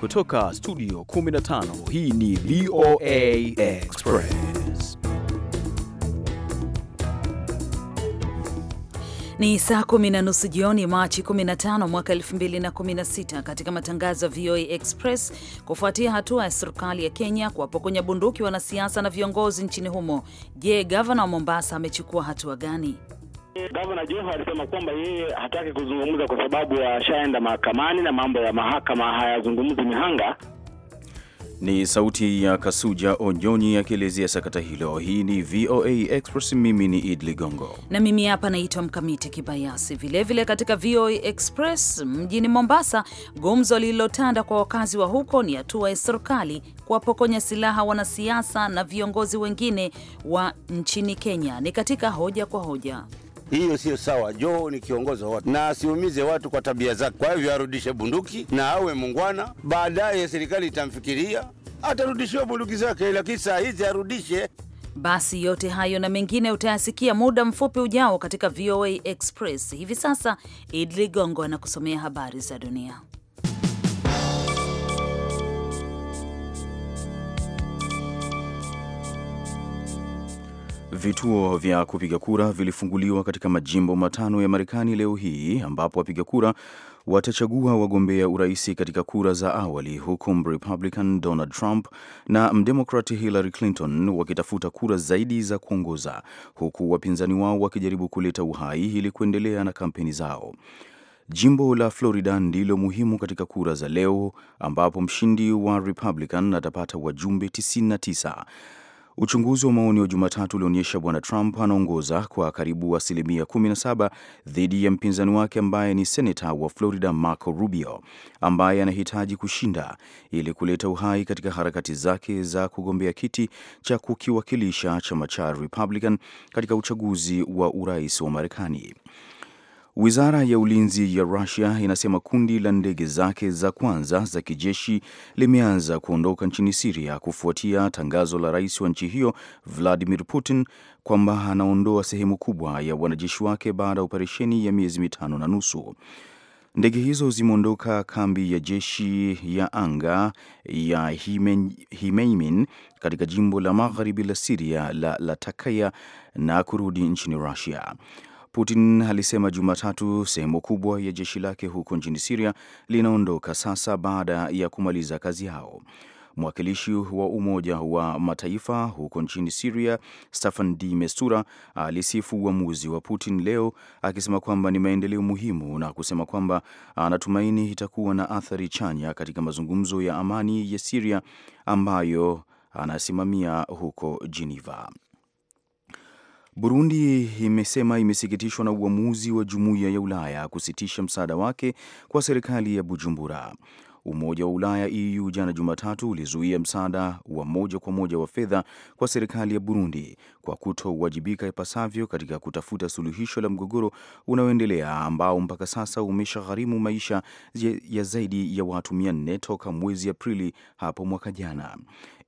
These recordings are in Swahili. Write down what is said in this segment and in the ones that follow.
Kutoka studio 15 hii ni VOA Express. Ni saa kumi na nusu jioni Machi 15 mwaka 2016, katika matangazo ya VOA Express. Kufuatia hatua ya serikali ya Kenya kuwapokonya bunduki wanasiasa na viongozi nchini humo, je, gavana wa Mombasa amechukua hatua gani? Gavana Joho alisema kwamba yeye hataki kuzungumza kwa sababu ashaenda mahakamani na mambo ya mahakama hayazungumzi mihanga. Ni sauti ya Kasuja Onyonyi akielezea sakata hilo. Hii ni VOA Express. Mimi ni Id Ligongo na mimi hapa naitwa Mkamiti Kibayasi. Vilevile katika VOA Express mjini Mombasa, gumzo lililotanda kwa wakazi wa huko ni hatua ya serikali kuwapokonya silaha wanasiasa na viongozi wengine wa nchini Kenya. Ni katika hoja kwa hoja. Hiyo sio sawa. Joho ni kiongozi wa watu na asiumize watu kwa tabia zake. Kwa hivyo arudishe bunduki na awe mungwana, baadaye serikali itamfikiria, atarudishiwa bunduki zake, lakini saa hizi arudishe. Basi yote hayo na mengine utayasikia muda mfupi ujao katika VOA Express. Hivi sasa Idli Ligongo anakusomea habari za dunia. Vituo vya kupiga kura vilifunguliwa katika majimbo matano ya Marekani leo hii ambapo wapiga kura watachagua wagombea urais katika kura za awali, huku Mrepublican Donald Trump na Mdemokrat Hillary Clinton wakitafuta kura zaidi za kuongoza, huku wapinzani wao wakijaribu kuleta uhai ili kuendelea na kampeni zao. Jimbo la Florida ndilo muhimu katika kura za leo ambapo mshindi wa Republican atapata wajumbe 99 Uchunguzi wa maoni wa Jumatatu ulionyesha bwana Trump anaongoza kwa karibu asilimia 17 dhidi ya mpinzani wake ambaye ni senata wa Florida Marco Rubio, ambaye anahitaji kushinda ili kuleta uhai katika harakati zake za kugombea kiti cha kukiwakilisha chama cha Republican katika uchaguzi wa urais wa Marekani. Wizara ya ulinzi ya Rusia inasema kundi la ndege zake za kwanza za kijeshi limeanza kuondoka nchini Siria kufuatia tangazo la rais wa nchi hiyo Vladimir Putin kwamba anaondoa sehemu kubwa ya wanajeshi wake baada ya operesheni ya miezi mitano na nusu. Ndege hizo zimeondoka kambi ya jeshi ya anga ya Himeimin katika jimbo la magharibi la Siria la Latakaya na kurudi nchini Rusia. Putin alisema Jumatatu sehemu kubwa ya jeshi lake huko nchini Siria linaondoka sasa baada ya kumaliza kazi yao. Mwakilishi wa Umoja wa Mataifa huko nchini Siria, Staffan de mestura alisifu uamuzi wa Putin leo akisema kwamba ni maendeleo muhimu na kusema kwamba anatumaini itakuwa na athari chanya katika mazungumzo ya amani ya Siria ambayo anasimamia huko Geneva. Burundi imesema imesikitishwa na uamuzi wa Jumuiya ya Ulaya kusitisha msaada wake kwa serikali ya Bujumbura. Umoja wa Ulaya EU jana Jumatatu ulizuia msaada wa moja kwa moja wa fedha kwa serikali ya Burundi kwa kutowajibika ipasavyo katika kutafuta suluhisho la mgogoro unaoendelea ambao mpaka sasa umeshagharimu maisha ya zaidi ya watu mia nne toka mwezi Aprili hapo mwaka jana.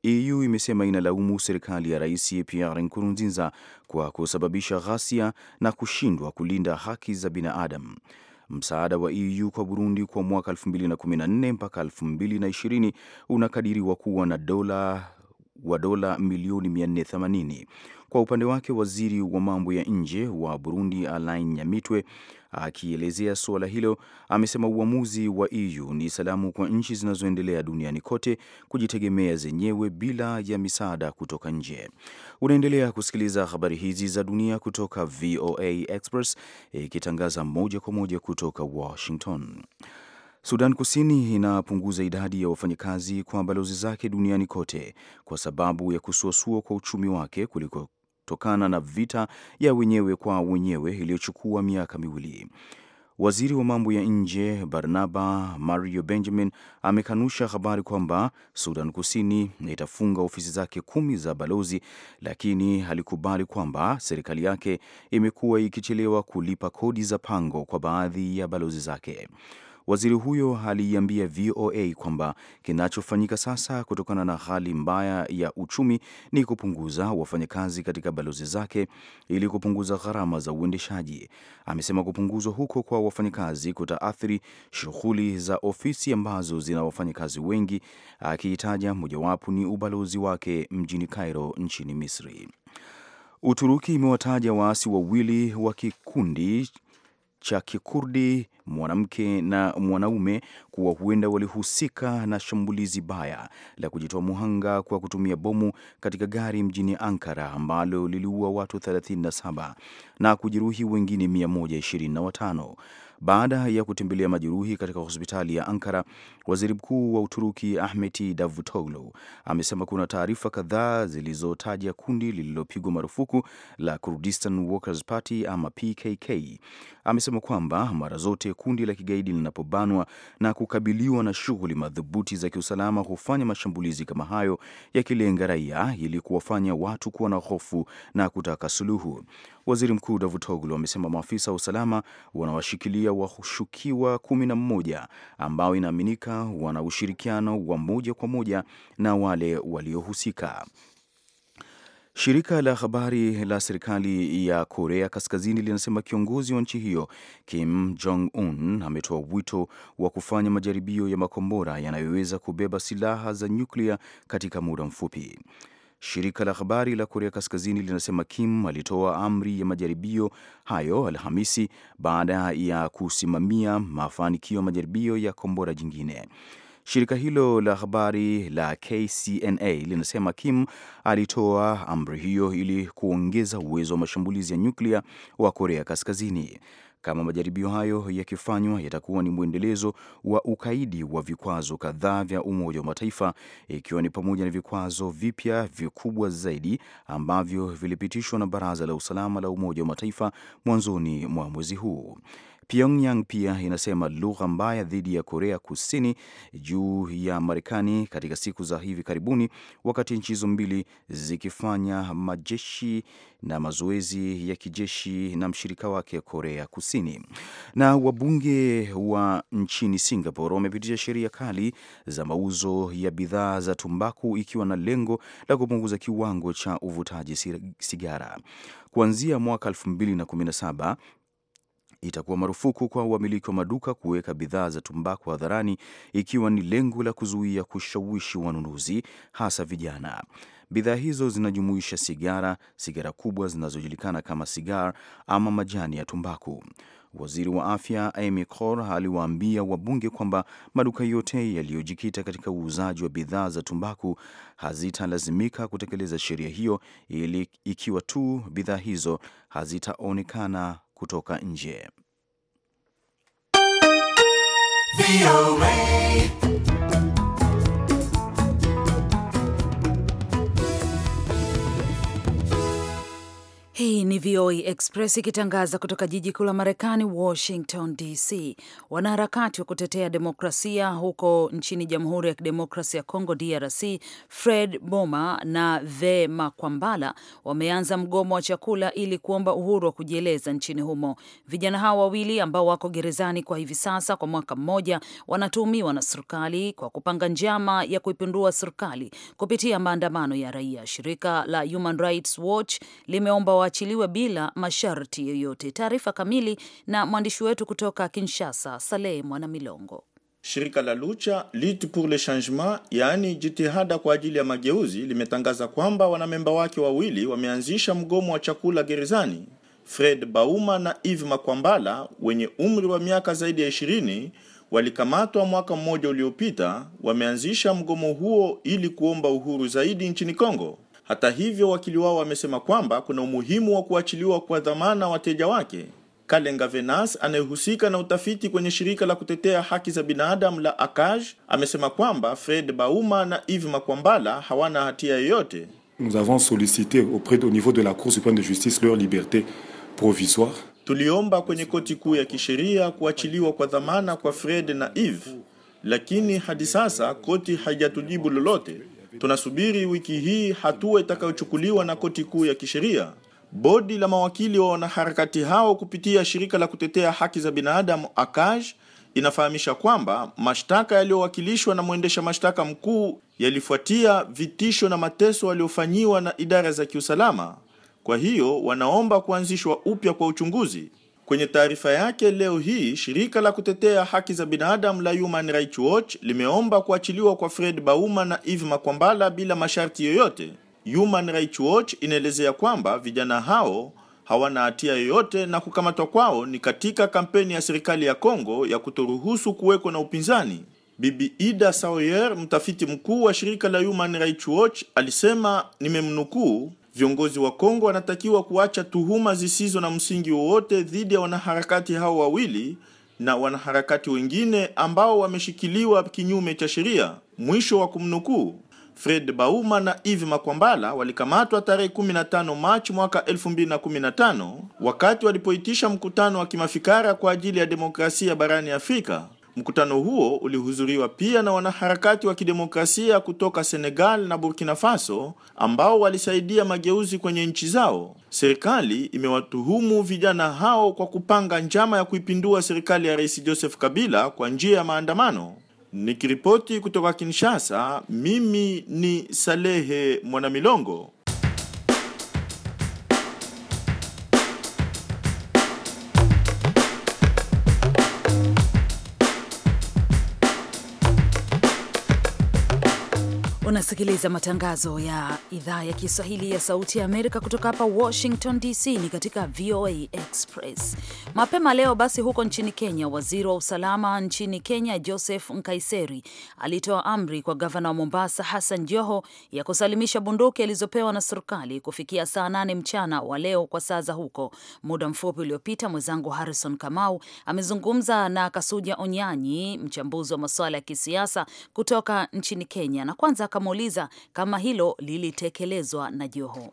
EU imesema inalaumu serikali ya Rais Pierre Nkurunziza kwa kusababisha ghasia na kushindwa kulinda haki za binadamu. Msaada wa EU kwa Burundi kwa mwaka 2014 mpaka 2020 unakadiriwa kuwa na dola wa dola milioni 480. Kwa upande wake, waziri wa mambo ya nje wa Burundi Alain Nyamitwe akielezea suala hilo amesema uamuzi wa EU ni salamu kwa nchi zinazoendelea duniani kote kujitegemea zenyewe bila ya misaada kutoka nje. Unaendelea kusikiliza habari hizi za dunia kutoka VOA Express ikitangaza moja kwa moja kutoka Washington. Sudan Kusini inapunguza idadi ya wafanyakazi kwa balozi zake duniani kote kwa sababu ya kusuasua kwa uchumi wake kulikotokana na vita ya wenyewe kwa wenyewe iliyochukua miaka miwili. Waziri wa mambo ya nje Barnaba Mario Benjamin amekanusha habari kwamba Sudan Kusini itafunga ofisi zake kumi za balozi, lakini alikubali kwamba serikali yake imekuwa ikichelewa kulipa kodi za pango kwa baadhi ya balozi zake. Waziri huyo aliiambia VOA kwamba kinachofanyika sasa kutokana na hali mbaya ya uchumi ni kupunguza wafanyakazi katika balozi zake ili kupunguza gharama za uendeshaji. Amesema kupunguzwa huko kwa wafanyakazi kutaathiri shughuli za ofisi ambazo zina wafanyakazi wengi, akiitaja mojawapo ni ubalozi wake mjini Cairo nchini Misri. Uturuki imewataja waasi wawili wa kikundi cha Kikurdi mwanamke na mwanaume kuwa huenda walihusika na shambulizi baya la kujitoa muhanga kwa kutumia bomu katika gari mjini Ankara ambalo liliua watu 37 na kujeruhi wengine 125. Baada ya kutembelea majeruhi katika hospitali ya Ankara, waziri mkuu wa Uturuki Ahmet Davutoglu amesema kuna taarifa kadhaa zilizotaja kundi lililopigwa marufuku la Kurdistan Workers Party ama PKK. Amesema kwamba mara zote kundi la kigaidi linapobanwa na kukabiliwa na shughuli madhubuti za kiusalama hufanya mashambulizi kama hayo, yakilenga raia ili kuwafanya watu kuwa na hofu na kutaka suluhu. Waziri Mkuu Davutoglu amesema maafisa wa usalama wanawashikilia washukiwa kumi na mmoja ambao inaaminika wana ushirikiano wa moja kwa moja na wale waliohusika. Shirika la habari la serikali ya Korea Kaskazini linasema kiongozi wa nchi hiyo Kim Jong Un ametoa wito wa kufanya majaribio ya makombora yanayoweza kubeba silaha za nyuklia katika muda mfupi. Shirika la habari la Korea Kaskazini linasema Kim alitoa amri ya majaribio hayo Alhamisi baada ya kusimamia mafanikio ya majaribio ya kombora jingine. Shirika hilo la habari la KCNA linasema Kim alitoa amri hiyo ili kuongeza uwezo wa mashambulizi ya nyuklia wa Korea Kaskazini. Kama majaribio hayo yakifanywa, yatakuwa ni mwendelezo wa ukaidi wa vikwazo kadhaa vya Umoja wa Mataifa, ikiwa ni pamoja na vikwazo vipya vikubwa zaidi ambavyo vilipitishwa na Baraza la Usalama la Umoja wa Mataifa mwanzoni mwa mwezi huu. Pyongyang pia inasema lugha mbaya dhidi ya Korea Kusini juu ya Marekani katika siku za hivi karibuni, wakati nchi hizo mbili zikifanya majeshi na mazoezi ya kijeshi na mshirika wake Korea Kusini. Na wabunge wa nchini Singapore wamepitisha sheria kali za mauzo ya bidhaa za tumbaku ikiwa na lengo la kupunguza kiwango cha uvutaji sigara. Kuanzia mwaka 2017 itakuwa marufuku kwa wamiliki wa maduka kuweka bidhaa za tumbaku hadharani, ikiwa ni lengo la kuzuia kushawishi wanunuzi, hasa vijana. Bidhaa hizo zinajumuisha sigara, sigara kubwa zinazojulikana kama sigar, ama majani ya tumbaku. Waziri wa afya Amy Cor aliwaambia wabunge kwamba maduka yote yaliyojikita katika uuzaji wa bidhaa za tumbaku hazitalazimika kutekeleza sheria hiyo, ili ikiwa tu bidhaa hizo hazitaonekana kutoka nje. Hii ni VOA e Express ikitangaza kutoka jiji kuu la Marekani, Washington DC. Wanaharakati wa kutetea demokrasia huko nchini Jamhuri ya Kidemokrasia ya Kongo, DRC, Fred Boma na Ve Makwambala wameanza mgomo wa chakula ili kuomba uhuru wa kujieleza nchini humo. Vijana hao wawili ambao wako gerezani kwa hivi sasa kwa mwaka mmoja, wanatuhumiwa na serikali kwa kupanga njama ya kuipindua serikali kupitia maandamano ya raia. Shirika la Human Rights Watch limeomba waachiliwe bila masharti yoyote. Taarifa kamili na mwandishi wetu kutoka Kinshasa, Salehe Mwanamilongo. Shirika la Lucha Lutte pour le Changement, yaani jitihada kwa ajili ya mageuzi, limetangaza kwamba wanamemba wake wawili wameanzisha mgomo wa chakula gerezani. Fred Bauma na Eve Makwambala wenye umri wa miaka zaidi ya 20 walikamatwa mwaka mmoja uliopita. Wameanzisha mgomo huo ili kuomba uhuru zaidi nchini Kongo. Hata hivyo, wakili wao wamesema kwamba kuna umuhimu wa kuachiliwa kwa dhamana wateja wake. Kalenga Venas anayehusika na utafiti kwenye shirika la kutetea haki za binadamu la ACAJ amesema kwamba Fred Bauma na Yves Makwambala hawana hatia yoyote. Nous avons sollicité auprès niveau de la Cour de justice leur liberté provisoire. Tuliomba kwenye koti kuu ya kisheria kuachiliwa kwa dhamana kwa Fred na Yves, lakini hadi sasa koti haijatujibu lolote. Tunasubiri wiki hii hatua itakayochukuliwa na koti kuu ya kisheria. Bodi la mawakili wa wanaharakati hao kupitia shirika la kutetea haki za binadamu ACAJ inafahamisha kwamba mashtaka yaliyowakilishwa na mwendesha mashtaka mkuu yalifuatia vitisho na mateso waliofanyiwa na idara za kiusalama. Kwa hiyo wanaomba kuanzishwa upya kwa uchunguzi. Kwenye taarifa yake leo hii, shirika la kutetea haki za binadamu la Human Rights Watch limeomba kuachiliwa kwa Fred Bauma na Eve Makwambala bila masharti yoyote. Human Rights Watch inaelezea kwamba vijana hao hawana hatia yoyote na kukamatwa kwao ni katika kampeni ya serikali ya Kongo ya kutoruhusu kuweko na upinzani. Bibi Ida Sawyer, mtafiti mkuu wa shirika la Human Rights Watch, alisema nimemnukuu, Viongozi wa Kongo wanatakiwa kuacha tuhuma zisizo na msingi wowote dhidi ya wanaharakati hao wawili na wanaharakati wengine ambao wameshikiliwa kinyume cha sheria. Mwisho wa kumnukuu. Fred Bauma na Eve Makwambala walikamatwa tarehe 15 Machi mwaka 2015 wakati walipoitisha mkutano wa kimafikara kwa ajili ya demokrasia barani Afrika. Mkutano huo ulihudhuriwa pia na wanaharakati wa kidemokrasia kutoka Senegal na Burkina Faso ambao walisaidia mageuzi kwenye nchi zao. Serikali imewatuhumu vijana hao kwa kupanga njama ya kuipindua serikali ya Rais Joseph Kabila kwa njia ya maandamano. Nikiripoti kutoka Kinshasa, mimi ni Salehe Mwanamilongo. Unasikiliza matangazo ya idhaa ya Kiswahili ya Sauti ya Amerika kutoka hapa Washington DC, ni katika VOA Express mapema leo. Basi huko nchini Kenya, waziri wa usalama nchini Kenya Joseph Nkaiseri alitoa amri kwa gavana wa Mombasa Hassan Joho ya kusalimisha bunduki alizopewa na serikali kufikia saa nane mchana wa leo kwa saa za huko. Muda mfupi uliopita, mwenzangu Harrison Kamau amezungumza na Kasuja Onyanyi, mchambuzi wa masuala ya kisiasa kutoka nchini Kenya, na kwanza akamuuliza kama hilo lilitekelezwa na Joho.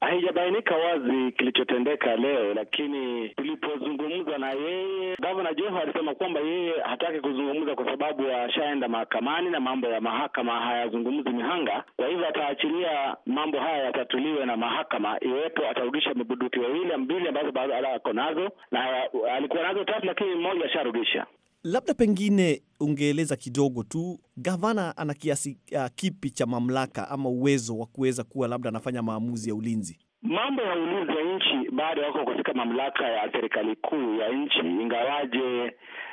Haijabainika wazi kilichotendeka leo, lakini tulipozungumza na yeye, gavana Joho alisema kwamba yeye hataki kuzungumza kwa sababu ashaenda mahakamani na mambo ya mahakama hayazungumzi mihanga. Kwa hivyo ataachilia mambo haya yatatuliwe na mahakama, iwepo atarudisha mibunduki wawili mbili ambazo bado ako nazo, na alikuwa nazo tatu, lakini mmoja asharudisha. Labda pengine ungeeleza kidogo tu, gavana ana kiasi uh, kipi cha mamlaka ama uwezo wa kuweza kuwa labda anafanya maamuzi ya ulinzi? Mambo ya ulinzi ya nchi bado yako katika mamlaka ya serikali kuu ya nchi, ingawaje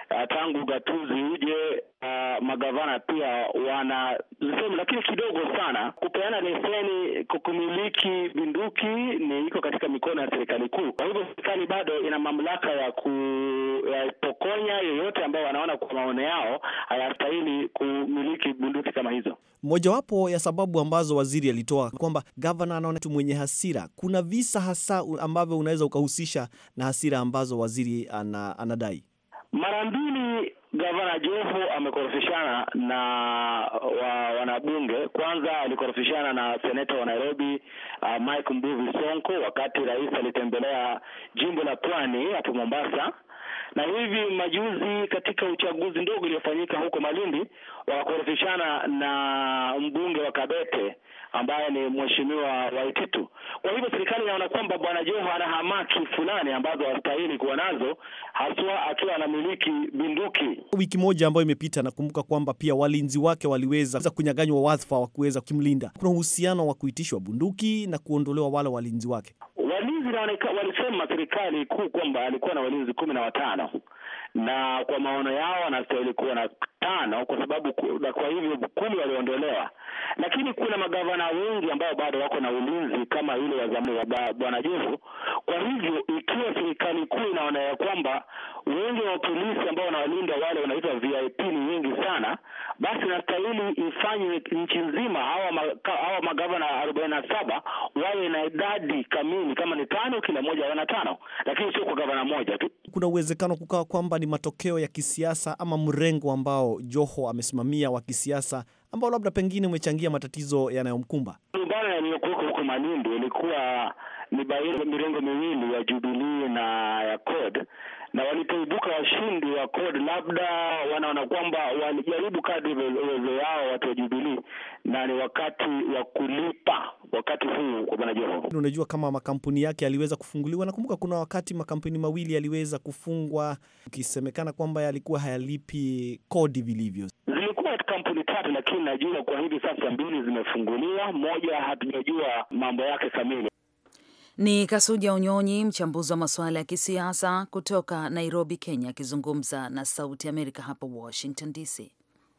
Ah, tangu gatuzi uje uh, magavana pia wana leseni lakini kidogo sana. Kupeana leseni kukumiliki bunduki ni iko katika mikono ya serikali kuu. Kwa hivyo serikali bado ina mamlaka ya kupokonya yoyote ambayo wanaona kwa maono yao hayastahili kumiliki bunduki kama hizo. Mojawapo ya sababu ambazo waziri alitoa kwamba gavana anaona tu mwenye hasira, kuna visa hasa ambavyo unaweza ukahusisha na hasira ambazo waziri ana, anadai mara mbili Gavana Joho amekorofishana na wa, wanabunge. Kwanza alikorofishana na seneta wa Nairobi uh, Mike Mbuvi Sonko wakati rais alitembelea jimbo la Pwani hapo Mombasa na hivi majuzi katika uchaguzi ndogo iliyofanyika huko Malindi, wakorofishana na mbunge wa Kabete ambaye ni mheshimiwa Waititu. Kwa hivyo serikali inaona kwamba bwana Joho ana hamaki fulani ambazo hastahili kuwa nazo, haswa akiwa anamiliki bunduki. Wiki moja ambayo imepita, nakumbuka kwamba pia walinzi wake waliweza kunyaganywa wadhifa wa kuweza kumlinda. Kuna uhusiano wa kuitishwa bunduki na kuondolewa wale walinzi wake Wali mazingira walisema serikali kuu kwamba alikuwa na walinzi kumi na watano na kwa maono yao wanastahili kuwa na tano kwa sababu na kwa hivyo kumi waliondolewa, lakini kuna magavana wengi ambao bado wako na ulinzi kama ile ya zamani ya Bwana Joho. Kwa hivyo ikiwa serikali kuu inaona ya kwamba wengi wa polisi ambao wanawalinda wale wanaitwa VIP ni wengi sana, basi nastahili ifanye nchi nzima au saba na arobaini na saba wawe na idadi kamili, kama ni tano, kila moja awe na tano, lakini sio kwa gavana moja tu. Kuna uwezekano kukawa kwamba ni matokeo ya kisiasa ama mrengo ambao Joho amesimamia wa kisiasa ambao labda pengine umechangia matatizo yanayomkumba mabwana yaliyokuwa huko Malindi yalikuwa ni baina mirengo miwili ya Jubilee na ya CORD, na walipoibuka washindi wa CORD, labda wanaona kwamba walijaribu kadri uwezo yao watu wa Jubilee, na ni wakati wa kulipa wakati huu kwa Bwana Joho. Unajua kama makampuni yake yaliweza kufunguliwa. Nakumbuka kuna wakati makampuni mawili yaliweza kufungwa, ukisemekana kwamba yalikuwa hayalipi kodi vilivyo kampuni tatu, lakini najua kwa hivi sasa mbili zimefunguliwa, moja hatujajua mambo yake kamili. Ni Kasuja Unyonyi, mchambuzi wa masuala ya kisiasa kutoka Nairobi, Kenya, akizungumza na Sauti Amerika hapa Washington DC.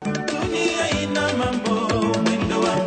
Dunia ina mambo, mwendo wa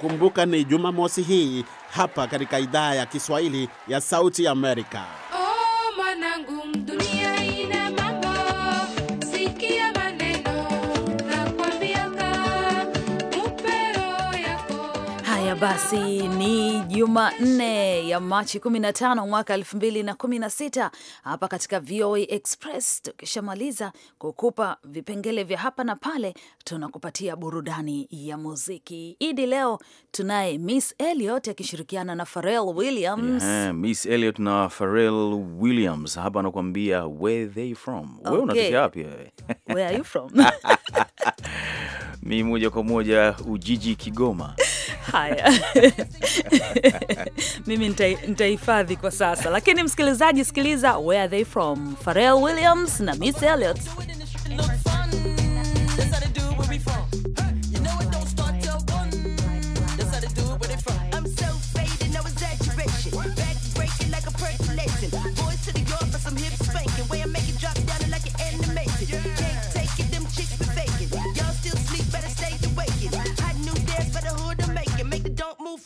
Kumbuka ni Jumamosi hii hapa katika idhaa ya Kiswahili ya Sauti Amerika. basi ni Jumanne ya Machi 15 mwaka 2016 hapa katika VOA Express. Tukishamaliza kukupa vipengele vya hapa na pale, tunakupatia burudani ya muziki idi. Leo tunaye Miss Elliot akishirikiana na Pharrell Williams. Yeah, Miss Elliot na Pharrell Williams hapa anakuambia where they from. Wewe unatokea wapi Where are you from? Mi moja kwa moja Ujiji, Kigoma. Haya, mimi nitahifadhi kwa sasa, lakini msikilizaji, sikiliza Where are They From, farel Williams na Miss Elliot.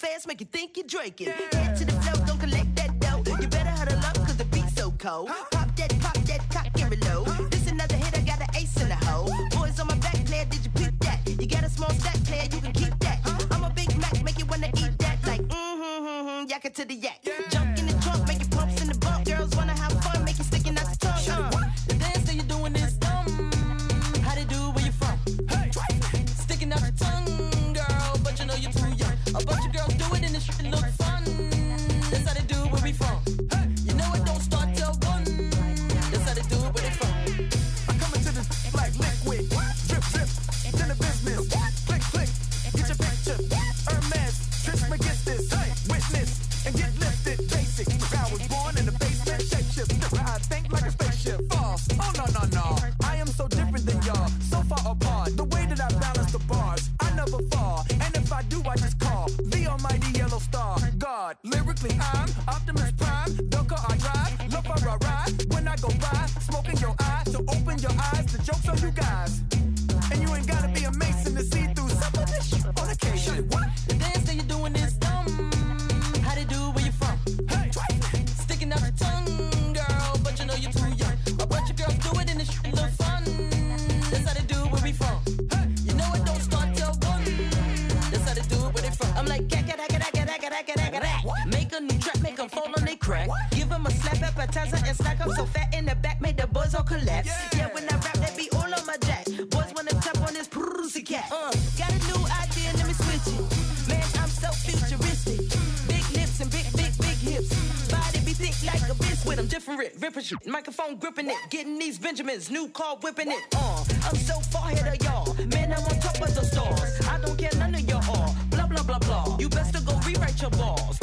fast, make you think you're drinking. Yeah. Head to the flow, don't collect that dough. You better huddle up, cause the beat's so cold. Pop that, pop that, cock give it low. This another hit, I got an ace in the hole. Boys on my back, player, did you pick that? You got a small stack, player, you can Lyrically, I'm optimistic. So fat in the back made the boys all collapse. Yeah, yeah when I rap, that be all on my jack. Boys wanna top on this pussy cat. Uh. Got a new idea, let me switch it. Man, I'm so futuristic. Big lips and big, big, big hips. Body be thick like a bitch I'm different, ripping shit. Microphone gripping it. Getting these Benjamins, new car whipping it. Uh, I'm so far ahead of y'all. Man, I'm on top of the stars. I don't care none of your all Blah, blah, blah, blah. You best to go rewrite your balls.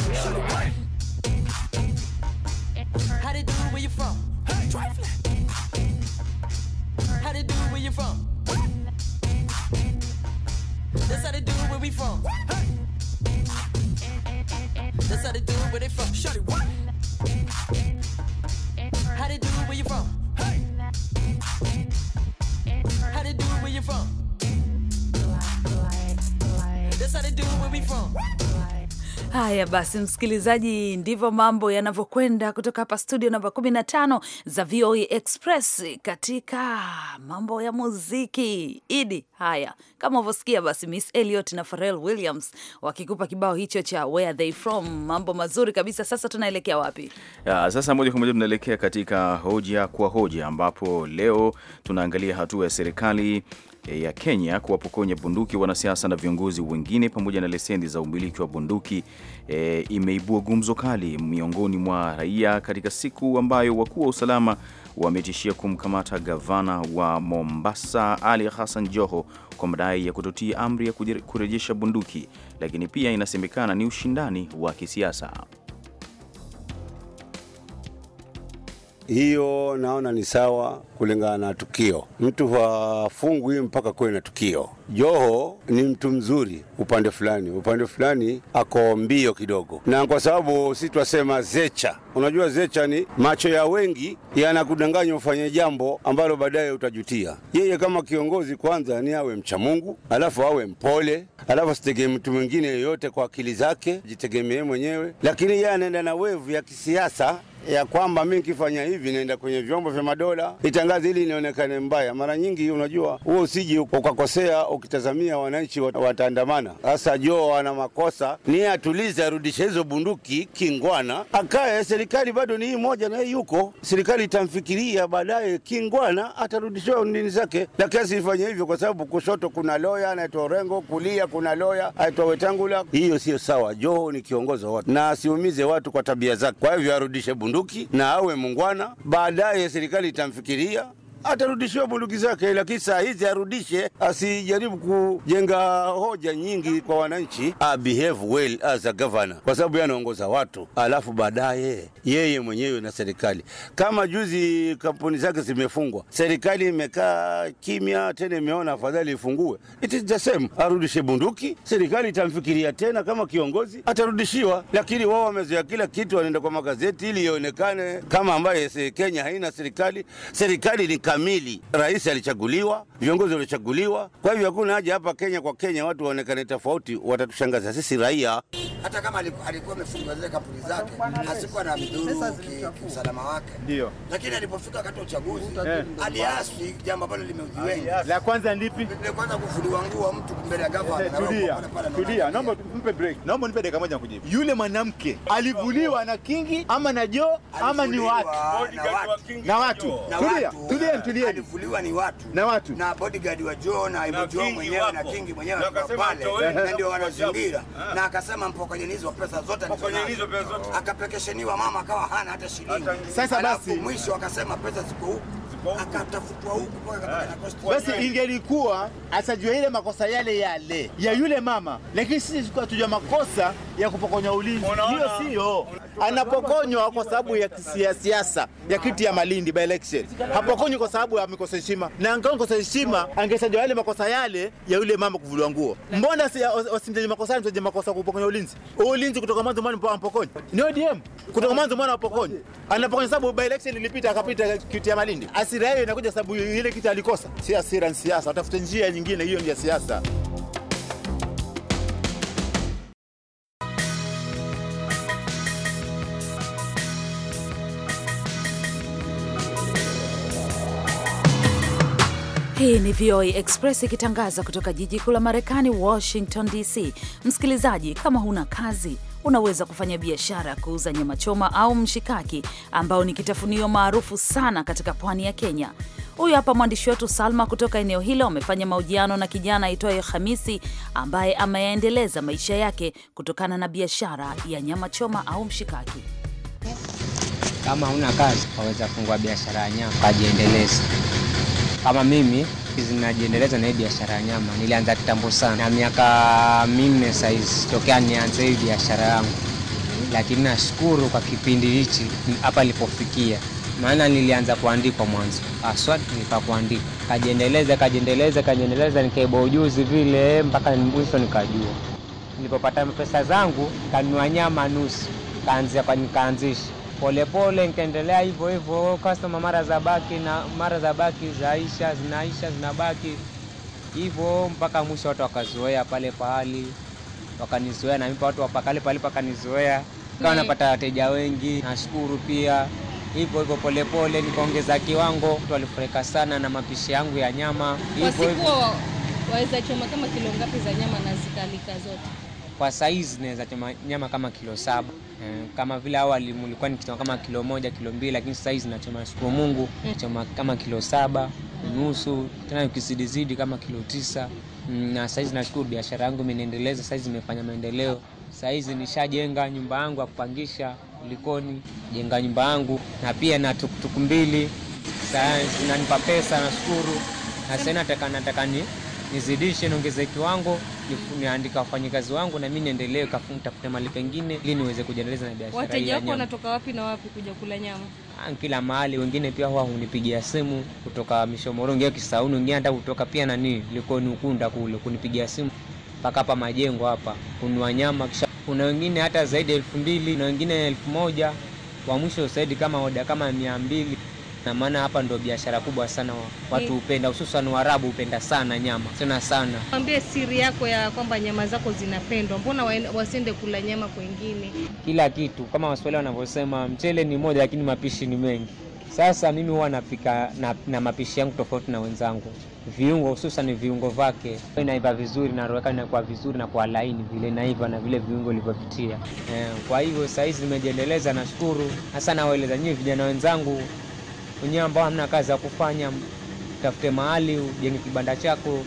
Haya basi, msikilizaji, ndivyo mambo yanavyokwenda kutoka hapa studio namba 15 za VOA e Express katika mambo ya muziki. Idi, haya kama unavyosikia basi Miss Elliot na Pharrell Williams wakikupa kibao hicho cha Where They From, mambo mazuri kabisa. Sasa tunaelekea wapi? Ya, sasa moja kwa moja tunaelekea katika hoja kwa hoja, ambapo leo tunaangalia hatua ya serikali ya Kenya kuwapokonya bunduki wanasiasa na viongozi wengine pamoja na leseni za umiliki wa bunduki e, imeibua gumzo kali miongoni mwa raia katika siku ambayo wakuu wa usalama wametishia kumkamata gavana wa Mombasa Ali Hassan Joho kwa madai ya kutotii amri ya kurejesha bunduki, lakini pia inasemekana ni ushindani wa kisiasa. hiyo naona ni sawa kulingana na tukio. Mtu hafungwi mpaka kuwe na tukio. Joho ni mtu mzuri upande fulani, upande fulani ako mbio kidogo, na kwa sababu si twasema zecha. Unajua zecha ni macho ya wengi yanakudanganya ufanye jambo ambalo baadaye utajutia. Yeye kama kiongozi, kwanza ni awe mcha Mungu, alafu awe mpole, alafu asitegemee mtu mwingine yoyote kwa akili zake, jitegemee mwenyewe. Lakini yeye anaenda na wevu ya kisiasa ya kwamba mi nikifanya hivi naenda kwenye vyombo vya madola itangazi ili inaonekane mbaya. Mara nyingi, unajua huo usiji ukakosea, ukitazamia wananchi wataandamana. Sasa Jo ana makosa, ni atulize, arudishe hizo bunduki kingwana, akae. Serikali bado ni hii moja, na hii yuko serikali itamfikiria baadaye. Kingwana atarudishiwa nini zake, lakini asifanye hivyo, kwa sababu kushoto kuna loya anaitwa Orengo, kulia kuna loya anaitwa Wetangula. Hiyo sio sawa. Jo ni kiongozi wa watu na asiumize watu kwa tabia zake, kwa hivyo arudishe bunduki bunduki na awe mungwana. Baadaye serikali itamfikiria atarudishiwa bunduki zake, lakini saa hizi arudishe, asijaribu kujenga hoja nyingi kwa wananchi. A behave well as a governor, kwa sababu yeye anaongoza watu, alafu baadaye yeye mwenyewe na serikali. Kama juzi kampuni zake zimefungwa, serikali imekaa kimya, tena imeona afadhali ifungue. It is the same, arudishe bunduki, serikali itamfikiria tena kama kiongozi, atarudishiwa. Lakini wao wamezoea kila kitu, wanaenda kwa magazeti ili ionekane kama ambaye Kenya haina serikali. Serikali ni kamili. Rais alichaguliwa, viongozi walichaguliwa. Kwa hivyo hakuna haja hapa Kenya kwa Kenya watu waonekane tofauti, watatushangaza sisi raia hata kama alikuwa amefungwa zile kampuni zake asikuwa na midhuru kiusalama wake, ndio. Lakini alipofika wakati wa uchaguzi eh. aliasi jambo ambalo limeudhi wengi. La kwanza ndipi? La kwanza kufuliwa nguo mtu mbele ya gavana. Eh, tulia, naomba mpe break, naomba nipe dakika moja ya kujibu. Yule mwanamke alivuliwa na Kingi ama na jo ama ni watu na watu? Tulia, tulia, tulia. Alivuliwa ni watu na watu na bodyguard wa jo na Ibo Joe mwenyewe na Kingi mwenyewe pale, ndio wanazingira na akasema mpo akakokonyezwa pesa zote, akapekesheniwa mama, akawa hana hata shilingi. Sasa basi mwisho akasema pesa ziko huku akatafutwa huku mpaka basi. Ingelikuwa asajua ile makosa yale yale ya yule mama, lakini sisi hatujua makosa ya kupokonya ulinzi, hiyo siyo anapokonywa kwa sababu ya siasa ya kiti ya Malindi by election, hapokonywi kwa sababu ya mikosa heshima, na angekosa heshima angesajwa yale makosa yale ya yule mama kuvuliwa nguo. Mbona wasimtaje makosa, yale, mtaje makosa kupokonya ulinzi? Ulinzi kutoka mwanzo mwana ampokonya ni ODM kutoka mwanzo mwana apokonya, anapokonya sababu by election ilipita, akapita kiti ya Malindi. Asira hiyo inakuja sababu ile kiti alikosa, si asira ni siasa, watafute njia nyingine, hiyo ni ya siasa. Hii ni VOA Express ikitangaza kutoka jiji kuu la Marekani, Washington DC. Msikilizaji, kama huna kazi unaweza kufanya biashara ya kuuza nyama choma au mshikaki ambao ni kitafunio maarufu sana katika pwani ya Kenya. Huyu hapa mwandishi wetu Salma kutoka eneo hilo amefanya mahojiano na kijana aitwaye Hamisi ambaye ameendeleza maisha yake kutokana na biashara ya nyama choma au mshikaki. Kama huna kazi waweza fungua biashara ya nyama kajiendeleza. Kama mimi zinajiendeleza na hii biashara ya nyama, nilianza kitambo sana, na miaka minne saizi tokea nianze hii biashara yangu, lakini nashukuru kwa kipindi hichi hapa nilipofikia, maana nilianza kuandikwa mwanzo aswa, nikakuandika kajiendeleza, kajiendeleza, kajiendeleza, nikaiba ujuzi vile mpaka mwisho nikajua. Nilipopata pesa zangu kanua nyama nusu, kaanzia nikaanzisha polepole nikaendelea hivyo hivyo, customer mara za baki na mara za baki zaisha, zinaisha, zinabaki hivyo mpaka mwisho watu wakazoea pale pahali, wakanizoea na mimi watu wa pale pakanizoea, kawa napata wateja wengi. Nashukuru pia hivyo hivyo polepole nikaongeza kiwango, watu walifurika sana na mapishi yangu ya nyama. Hivyo hivyo waweza choma kama kilo ngapi za nyama na zikalika zote? Kwa saizi naweza choma nyama kama kilo saba. Eh, kama vile awali mlikuwa nikichoma kama kilo moja, kilo mbili, lakini hizi nachoma shukuru Mungu, nachoma kama kilo saba nusu, tena ukizidizidi kama kilo tisa. Mm, na saizi nashukuru biashara yangu sasa hizi imefanya maendeleo. Saizi nishajenga nyumba yangu ya kupangisha Likoni, jenga nyumba yangu na pia na tuktuk mbili zinanipa pesa, nashukuru. Na sasa nataka nataka nizidishe niongeze kiwango niandika wafanyakazi wangu na mimi niendelee kutafuta mali pengine, ili niweze kujiendeleza na biashara. Wateja wako wanatoka wapi na wapi kuja kula nyama? Ah, kila mahali, wengine pia huwa hunipigia simu kutoka Mishomoro, wengine Kisauni, wengine hata kutoka pia nani liko ni Ukunda kule kunipigia simu mpaka hapa Majengo hapa kunua nyama, kisha kuna wengine hata zaidi ya elfu mbili na wengine elfu moja wa mwisho zaidi kama oda kama mia mbili na maana hapa ndio biashara kubwa sana, watu eh. hupenda, hususan Waarabu hupenda sana nyama sana sana. Mwambie siri yako ya kwamba nyama zako zinapendwa, mbona wasiende kula nyama kwengine? Kila kitu kama Waswahili wanavyosema, mchele ni moja, lakini mapishi ni mengi. Sasa mimi huwa napika na, na mapishi yangu tofauti na wenzangu. Viungo hususan viungo vyake inaiva vizuri na roeka inakuwa vizuri na kwa laini vile naiva na vile viungo vilivyopitia. Eh, kwa hivyo saa hizi nimejiendeleza, nashukuru hasa. Nawaeleza nyinyi vijana wenzangu wenyewe ambao hamna kazi ya kufanya, tafute mahali ujenge kibanda chako,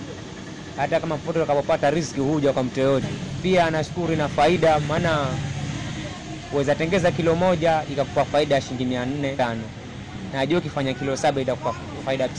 hata kama popote akapopata riziki huja kwa mtu yoyote. Pia nashukuru na faida, maana uweza tengeza kilo moja ikakupa faida ya shilingi mia nne tano, na jua ukifanya kilo saba itakupa faida ya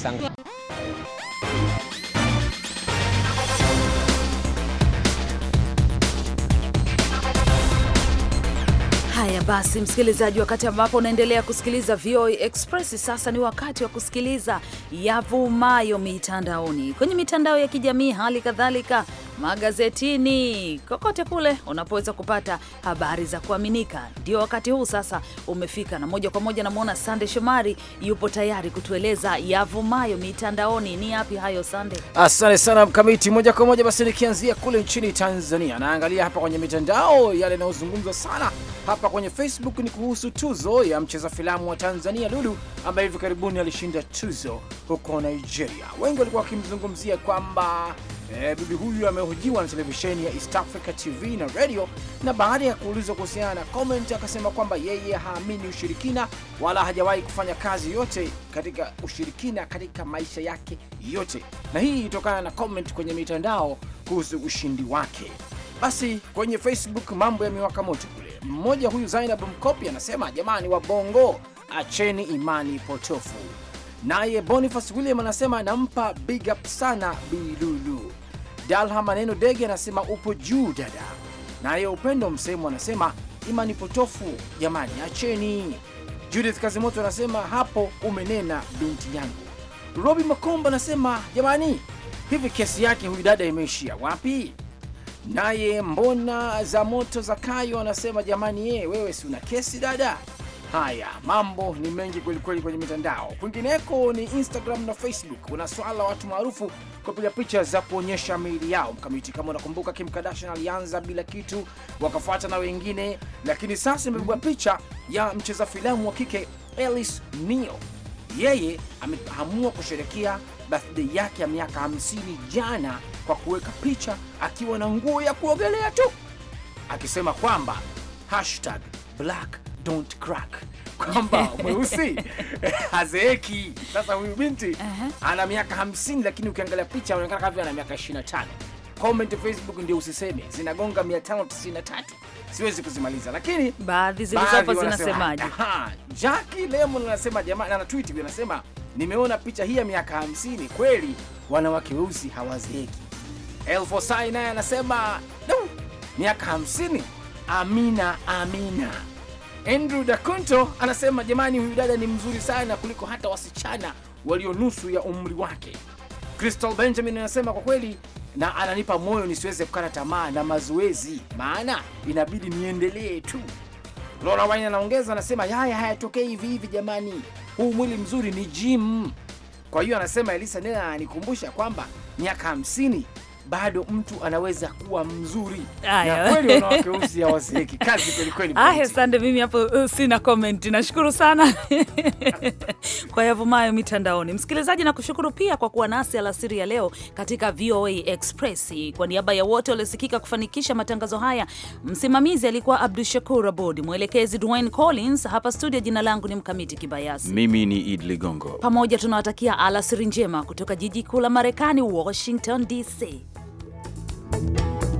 basi, msikilizaji, wakati ambapo unaendelea kusikiliza VOA Express, sasa ni wakati wa kusikiliza yavumayo mitandaoni, kwenye mitandao ya kijamii, hali kadhalika magazetini, kokote kule unapoweza kupata habari za kuaminika. Ndio wakati huu sasa umefika, na moja kwa moja namwona Sande Shomari yupo tayari kutueleza yavumayo mitandaoni. Ni yapi hayo, Sande? Asante sana Mkamiti. Moja kwa moja basi nikianzia kule nchini Tanzania, naangalia hapa kwenye mitandao yale yanayozungumzwa sana hapa kwenye Facebook ni kuhusu tuzo ya mcheza filamu wa Tanzania Lulu ambaye hivi karibuni alishinda tuzo huko Nigeria. Wengi walikuwa wakimzungumzia kwamba Eh, bibi huyu amehojiwa na televisheni ya East Africa TV na radio, na baada ya kuulizwa kuhusiana na comment akasema kwamba yeye haamini ushirikina wala hajawahi kufanya kazi yote katika ushirikina katika maisha yake yote, na hii ilitokana na comment kwenye mitandao kuhusu ushindi wake. Basi kwenye Facebook mambo yamewaka moto kule. Mmoja huyu Zainab Mkopi anasema jamani, wa Bongo acheni imani potofu. Naye Boniface William anasema nampa big up sana Bilulu Dalha Maneno Dege anasema upo juu dada. Naye Upendo msehemu anasema imani potofu jamani, acheni. Judith Kazimoto anasema hapo umenena binti yangu. Robi Makomba anasema jamani, hivi kesi yake huyu dada imeishia wapi? Naye Mbona za Moto za Kayo anasema jamani, ye wewe si una kesi dada? Haya, mambo ni mengi kwelikweli kwenye mitandao. Kwingineko ni Instagram na Facebook, kuna swala la watu maarufu kupiga picha za kuonyesha miili yao. Mkamiti, kama unakumbuka, Kim Kardashian alianza bila kitu, wakafuata na wengine, lakini sasa imepigwa mhm. picha ya mcheza filamu wa kike elis Neal. Yeye ameamua kusherekea birthday yake ya miaka 50 jana kwa kuweka picha akiwa na nguo ya kuogelea tu, akisema kwamba hashtag black don't crack, kwamba mweusi hazeeki. Sasa huyu binti uh -huh. ana miaka hamsini, lakini ukiangalia picha anaonekana kavyo ana miaka 25. Comment Facebook ndio usiseme, zinagonga 593 siwezi kuzimaliza, lakini baadhi zilizopo zinasemaje? Jackie Lemon anasema jamani, ana tweet anasema nimeona picha hii ya miaka 50, kweli wanawake weusi hawazeeki. Elfosai naye anasema no, miaka 50, amina amina Andrew Dakunto anasema jamani, huyu dada ni mzuri sana kuliko hata wasichana walio nusu ya umri wake. Crystal Benjamin anasema kwa kweli, na ananipa moyo nisiweze kukata tamaa na mazoezi, maana inabidi niendelee tu. Laura Wine anaongeza anasema, yaya hayatokei hivi hivi jamani, huu mwili mzuri ni gym. Kwa hiyo anasema Elisa Nena ananikumbusha kwamba miaka hamsini bado mtu anaweza kuwa mzuri na kweli wanawake weusi hawazeeki. Kazi kweli kweli. Ah, asante. Mimi hapo uh, sina comment. Nashukuru sana kwa yavumayo mitandaoni. Msikilizaji, nakushukuru pia kwa kuwa nasi alasiri ya leo katika VOA Express. Kwa niaba ya wote waliosikika kufanikisha matangazo haya, msimamizi alikuwa Abdu Shakur Abod, mwelekezi Dwayne Collins. Hapa studio, jina langu ni Mkamiti Kibayasi, mimi ni Id Ligongo. Pamoja tunawatakia alasiri njema kutoka jiji kuu la Marekani, Washington DC. you.